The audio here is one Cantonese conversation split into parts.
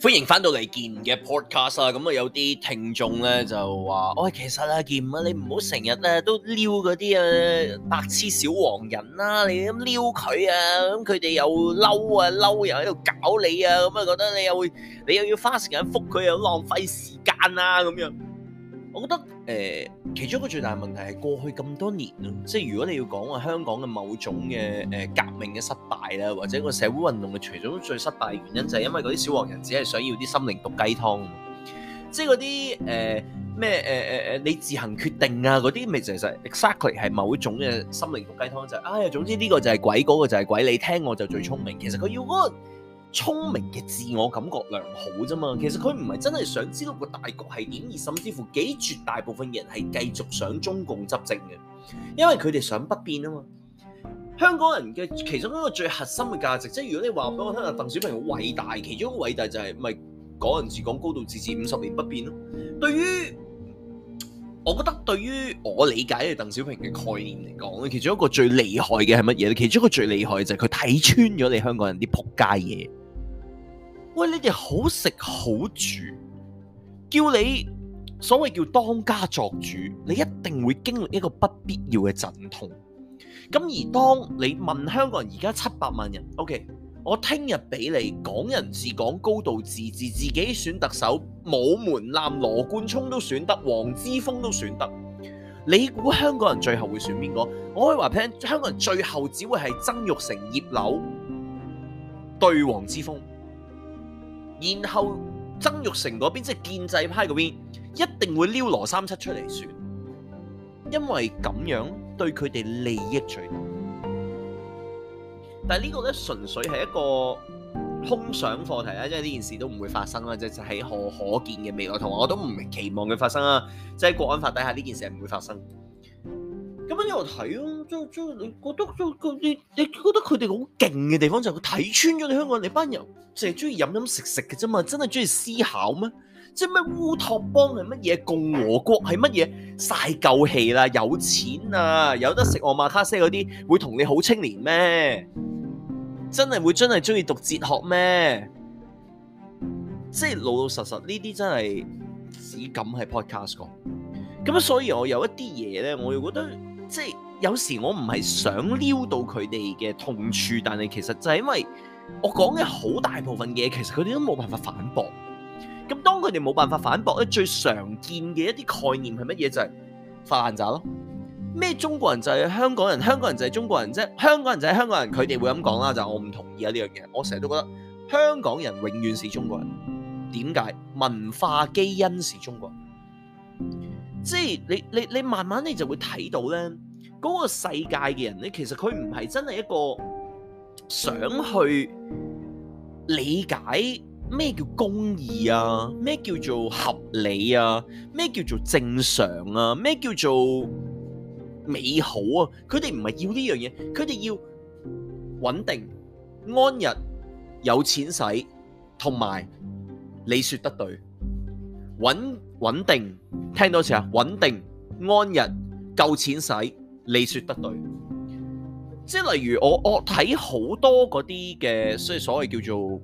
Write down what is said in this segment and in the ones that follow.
歡迎翻到嚟健嘅 podcast 啊！咁啊有啲聽眾咧就話，喂，其實啊健啊，你唔好成日咧都撩嗰啲啊白痴小黃人啦，你咁撩佢啊，咁佢哋又嬲啊嬲，又喺度搞你啊，咁啊覺得你又會，你又要花時間覆佢，又浪費時間啦，咁樣。我覺得誒、呃，其中一個最大問題係過去咁多年咯，即係如果你要講話香港嘅某種嘅誒、呃、革命嘅失敗啦，或者個社會運動嘅，除咗最失敗的原因就係因為嗰啲小黃人只係想要啲心靈毒雞湯，即係嗰啲誒咩誒誒誒，你自行決定啊嗰啲，咪就係 exactly 係某種嘅心靈毒雞湯就係、是，呀、哎，總之呢個就係鬼，嗰、那個就係鬼，你聽我就最聰明，其實佢要個。聰明嘅自我感覺良好啫嘛，其實佢唔係真係想知道個大局係點，而甚至乎幾絕大部分人係繼續想中共執政嘅，因為佢哋想不變啊嘛。香港人嘅其中一個最核心嘅價值，即係如果你話俾我聽啊，鄧小平好偉大，其中一個偉大就係咪講人治講高度自治五十年不變咯？對於我覺得，對於我理解嘅鄧小平嘅概念嚟講咧，其中一個最厲害嘅係乜嘢？其中一個最厲害就係佢睇穿咗你香港人啲仆街嘢。喂，你哋好食好住，叫你所謂叫當家作主，你一定會經歷一個不必要嘅陣痛。咁而當你問香港人而家七百萬人，OK，我聽日俾你，港人治港，高度自治，自己選特首，冇門檻，羅冠聰都選得，黃之鋒都選得，你估香港人最後會選邊個？我可以話俾你聽，香港人最後只會係曾玉成、葉劉對黃之鋒。然後曾鈺成嗰邊即係、就是、建制派嗰邊，一定會撩羅三七出嚟算，因為咁樣對佢哋利益最大。但係呢個咧純粹係一個空想課題啦，即係呢件事都唔會發生啦，即係喺可可見嘅未來，同埋我都唔期望佢發生啦。即係國安法底下呢件事係唔會發生。咁、就是就是、樣又睇啊，你覺得佢哋好勁嘅地方就係佢睇穿咗你香港，你班人淨係中意飲飲食食嘅啫嘛，真係中意思考咩？即係咩烏托邦係乜嘢？共和國係乜嘢？晒舊氣啦，有錢啊，有得食奧馬卡西嗰啲，會同你好青年咩？真係會真係中意讀哲學咩？即係老老實實呢啲真係只敢係 podcast 講。咁所以我有一啲嘢咧，我又覺得即係。有時我唔係想撩到佢哋嘅痛處，但係其實就係因為我講嘅好大部分嘢，其實佢哋都冇辦、辦法反駁。咁當佢哋冇辦法反駁咧，最常見嘅一啲概念係乜嘢就係、是、泛雜咯。咩中國人就係香港人，香港人就係中國人啫。香港人就係香港人，佢哋會咁講啦，就是、我唔同意啊呢樣嘢。我成日都覺得香港人永遠是中國人。點解文化基因是中國人？即、就、係、是、你你你慢慢你就會睇到咧。嗰個世界嘅人咧，其實佢唔係真係一個想去理解咩叫公義啊，咩叫做合理啊，咩叫做正常啊，咩叫做美好啊。佢哋唔係要呢樣嘢，佢哋要穩定安逸有錢使，同埋你説得對，穩穩定聽多一次啊，穩定安逸夠錢使。你説得對，即係例如我我睇好多嗰啲嘅，所以所謂叫做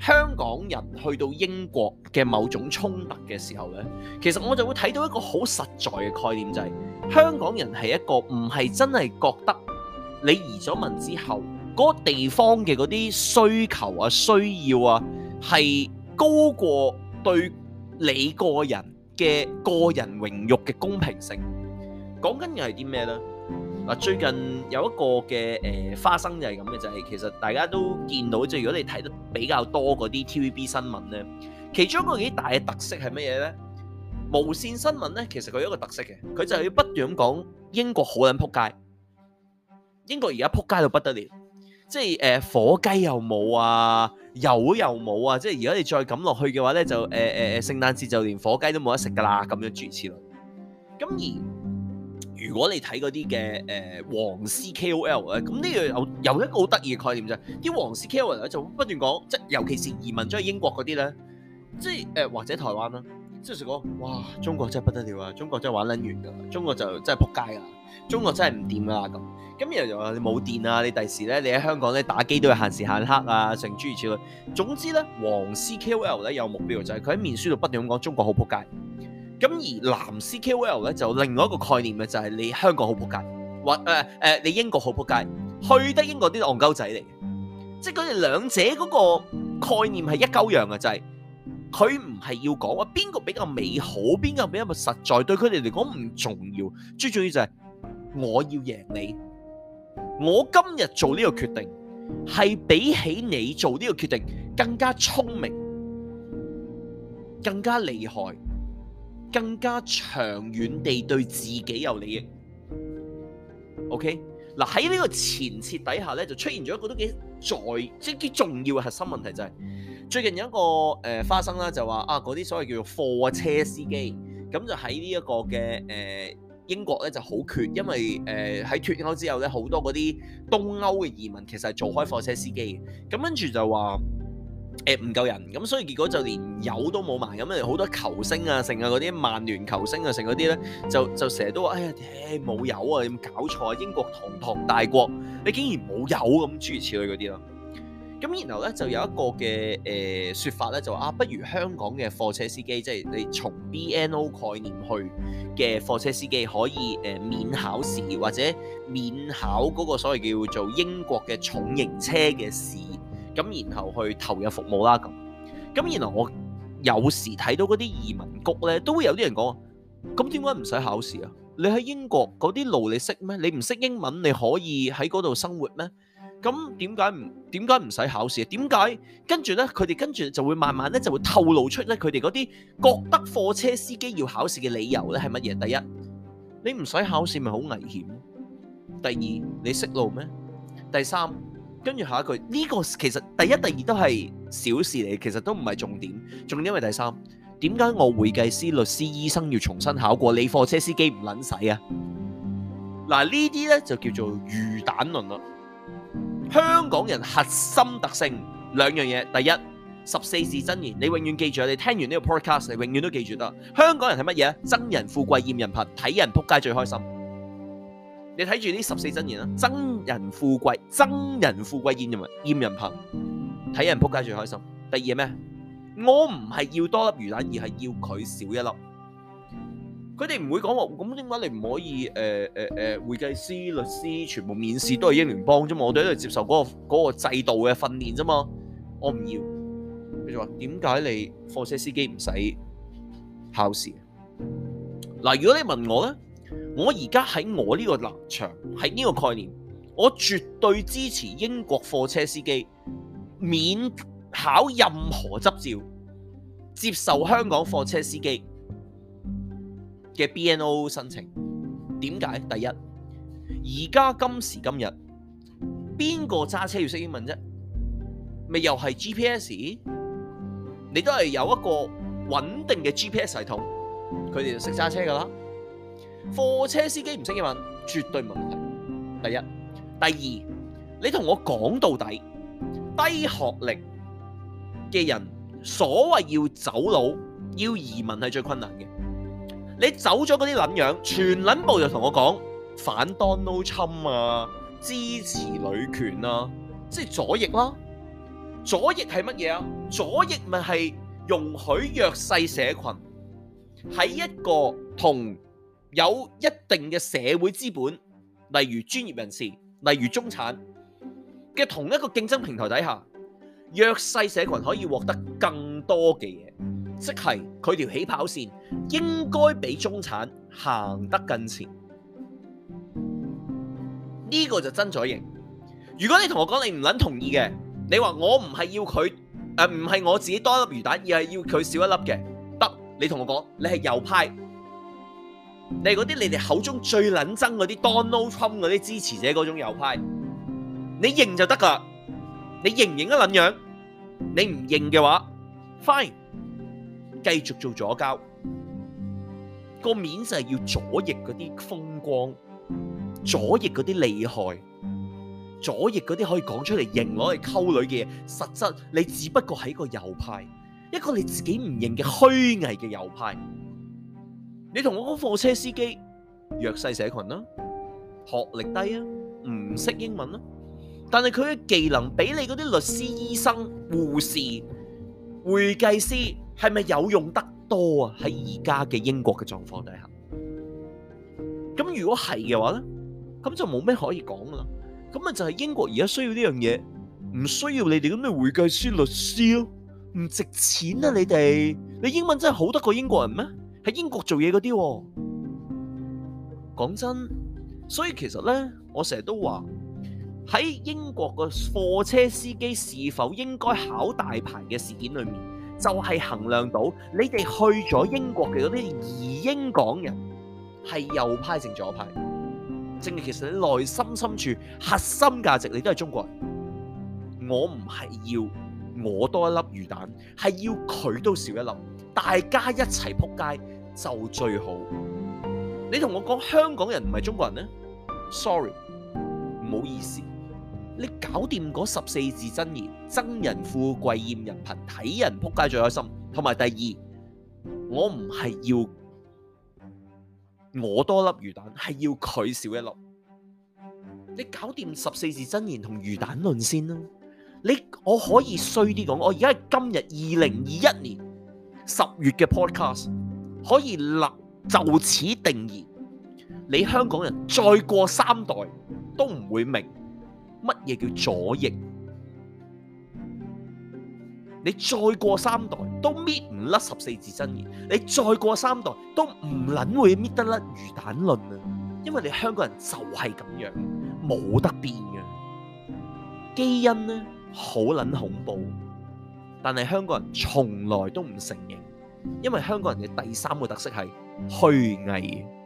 香港人去到英國嘅某種衝突嘅時候呢，其實我就會睇到一個好實在嘅概念，就係、是、香港人係一個唔係真係覺得你移咗民之後，嗰、那個地方嘅嗰啲需求啊、需要啊，係高過對你個人嘅個人榮譽嘅公平性。講緊又係啲咩咧？嗱，最近有一個嘅誒、呃、花生就係咁嘅，就係、是、其實大家都見到，即係如果你睇得比較多嗰啲 TVB 新聞咧，其中一個幾大嘅特色係乜嘢咧？無線新聞咧，其實佢有一個特色嘅，佢就係要不斷咁講英國好撚撲街，英國而家撲街到不得了，即係誒、呃、火雞又冇啊，油又冇啊，即係如果你再咁落去嘅話咧，就誒誒誒聖誕節就連火雞都冇得食噶啦，咁樣諸如此類咁而如果你睇嗰啲嘅誒黃絲 KOL 咧，咁呢樣又有一個好得意嘅概念就係、是，啲黃絲 KOL 咧就不斷講，即係尤其是移民咗去英國嗰啲咧，即係誒、呃、或者台灣啦，即係成個哇中國真係不得了啊！中國真係玩撚完㗎，中國就真係撲街㗎，中國真係唔掂㗎啦咁。咁然後又話你冇電啊，你第時咧你喺香港咧打機都要限時限刻啊，成諸如此類。總之咧，黃絲 KOL 咧有目標就係佢喺面書度不斷咁講中國好撲街。咁而藍絲 KOL 呢，就另外一個概念嘅就係你香港好仆街，或誒誒你英國好仆街，去得英國啲戇鳩仔嚟嘅，即係佢哋兩者嗰個概念係一鳩樣嘅，就係佢唔係要講話邊個比較美好，邊個比較實在，對佢哋嚟講唔重要。最重要就係我要贏你，我今日做呢個決定係比起你做呢個決定更加聰明，更加厲害。更加長遠地對自己有利益。OK，嗱喺呢個前設底下咧，就出現咗一個都幾在即幾重要嘅核心問題，就是，就係最近有一個誒、呃、發生啦，就話啊嗰啲所謂叫做貨車司機，咁就喺呢一個嘅誒、呃、英國咧就好缺，因為誒喺脱歐之後咧，好多嗰啲東歐嘅移民其實係做開貨車司機嘅，咁跟住就話。誒唔、呃、夠人咁，所以結果就連油都冇埋咁啊！好多球星啊，成啊嗰啲，曼聯球星啊，成嗰啲咧，就就成日都話：哎呀，冇、欸、油啊！你咁搞錯啊！英國堂堂大國，你竟然冇油咁，諸如此類嗰啲咯。咁然後咧就有一個嘅誒説法咧，就啊，不如香港嘅貨車司機，即、就、係、是、你從 BNO 概念去嘅貨車司機，可以誒、呃、免考試或者免考嗰個所謂叫做英國嘅重型車嘅試。咁然後去投入服務啦，咁咁然後我有時睇到嗰啲移民局咧，都會有啲人講：「咁點解唔使考試啊？你喺英國嗰啲路你識咩？你唔識英文你可以喺嗰度生活咩？咁點解唔點解唔使考試啊？點解？跟住咧，佢哋跟住就會慢慢咧就會透露出咧佢哋嗰啲覺得貨車司機要考試嘅理由咧係乜嘢？第一，你唔使考試咪好危險；第二，你識路咩？第三。跟住下一句，呢個其實第一、第二都係小事嚟，其實都唔係重點。仲因為第三，點解我會計師、律師、醫生要重新考過？你貨車司機唔撚使啊？嗱，呢啲呢就叫做魚蛋論咯。香港人核心特性兩樣嘢，第一十四字真言，你永遠記住啊！你聽完呢個 podcast，你永遠都記住啦。香港人係乜嘢？憎人富貴厭人貧，睇人仆街最開心。你睇住呢十四真言啦，憎人富貴，憎人富貴焉之嘛？厭人貧，睇人仆街最開心。第二係咩？我唔係要多粒魚蛋，而係要佢少一粒。佢哋唔會講話，咁點解你唔可以誒誒誒會計師、律師，全部面試都係英聯邦啫嘛？我哋都喺度接受嗰個嗰個制度嘅訓練啫嘛？我唔要。佢就話：點解你貨車司機唔使考試？嗱，如果你問我咧？我而家喺我呢個立場，喺呢個概念，我絕對支持英國貨車司機免考任何執照，接受香港貨車司機嘅 BNO 申請。點解？第一，而家今時今日，邊個揸車要識英文啫？咪又係 GPS，你都係有一個穩定嘅 GPS 系統，佢哋就識揸車㗎喇。貨車司機唔識英文，絕對冇問題。第一、第二，你同我講到底，低學歷嘅人所謂要走佬、要移民係最困難嘅。你走咗嗰啲撚樣，全撚部就同我講反 Donald Trump 啊，支持女權啊，即係左翼咯。左翼係乜嘢啊？左翼咪係容許弱勢社群，喺一個同。有一定嘅社會資本，例如專業人士，例如中產嘅同一個競爭平台底下，弱勢社群可以獲得更多嘅嘢，即係佢條起跑線應該比中產行得更前。呢個就真咗型。如果你同我講你唔撚同意嘅，你話我唔係要佢，誒，唔係我自己多一粒魚蛋，而係要佢少一粒嘅，得，你同我講，你係右派。你嗰啲你哋口中最捻憎嗰啲 Donald Trump 嗰啲支持者嗰種右派，你認就得噶，你認唔認得捻樣？你唔認嘅話，fine，繼續做左膠，個面就係要左翼嗰啲風光，左翼嗰啲厲害，左翼嗰啲可以講出嚟認攞嚟溝女嘅嘢，實質你只不過係一個右派，一個你自己唔認嘅虛偽嘅右派。你同我嗰貨車司機弱勢社群啦、啊，學歷低啊，唔識英文啦、啊，但係佢嘅技能比你嗰啲律師、醫生、護士、會計師係咪有用得多啊？喺而家嘅英國嘅狀況底下，咁如果係嘅話咧，咁就冇咩可以講啦。咁啊就係英國而家需要呢樣嘢，唔需要你哋咁嘅會計師、律師，咯，唔值錢啊！你哋，你英文真係好得過英國人咩？喺英國做嘢嗰啲，講真，所以其實呢，我成日都話喺英國嘅貨車司機是否應該考大牌嘅事件裏面，就係衡量到你哋去咗英國嘅嗰啲移英港人係右派定左派的。淨係其實你內心深處核心價值你都係中國人。我唔係要我多一粒魚蛋，係要佢都少一粒。大家一齊撲街就最好。你同我講香港人唔係中國人呢，Sorry，唔好意思。你搞掂嗰十四字真言，憎人富貴厭人貧，睇人撲街最開心。同埋第二，我唔係要我多粒魚蛋，係要佢少一粒。你搞掂十四字真言同魚蛋論先啦。你我可以衰啲講，我而家係今日二零二一年。十月嘅 podcast 可以立就此定義，你香港人再過三代都唔會明乜嘢叫左翼，你再過三代都搣唔甩十四字真言，你再過三代都唔捻會搣得甩魚蛋論啊！因為你香港人就係咁樣，冇得變嘅，基因呢，好捻恐怖。但係香港人從來都唔承認，因為香港人嘅第三個特色係虛偽。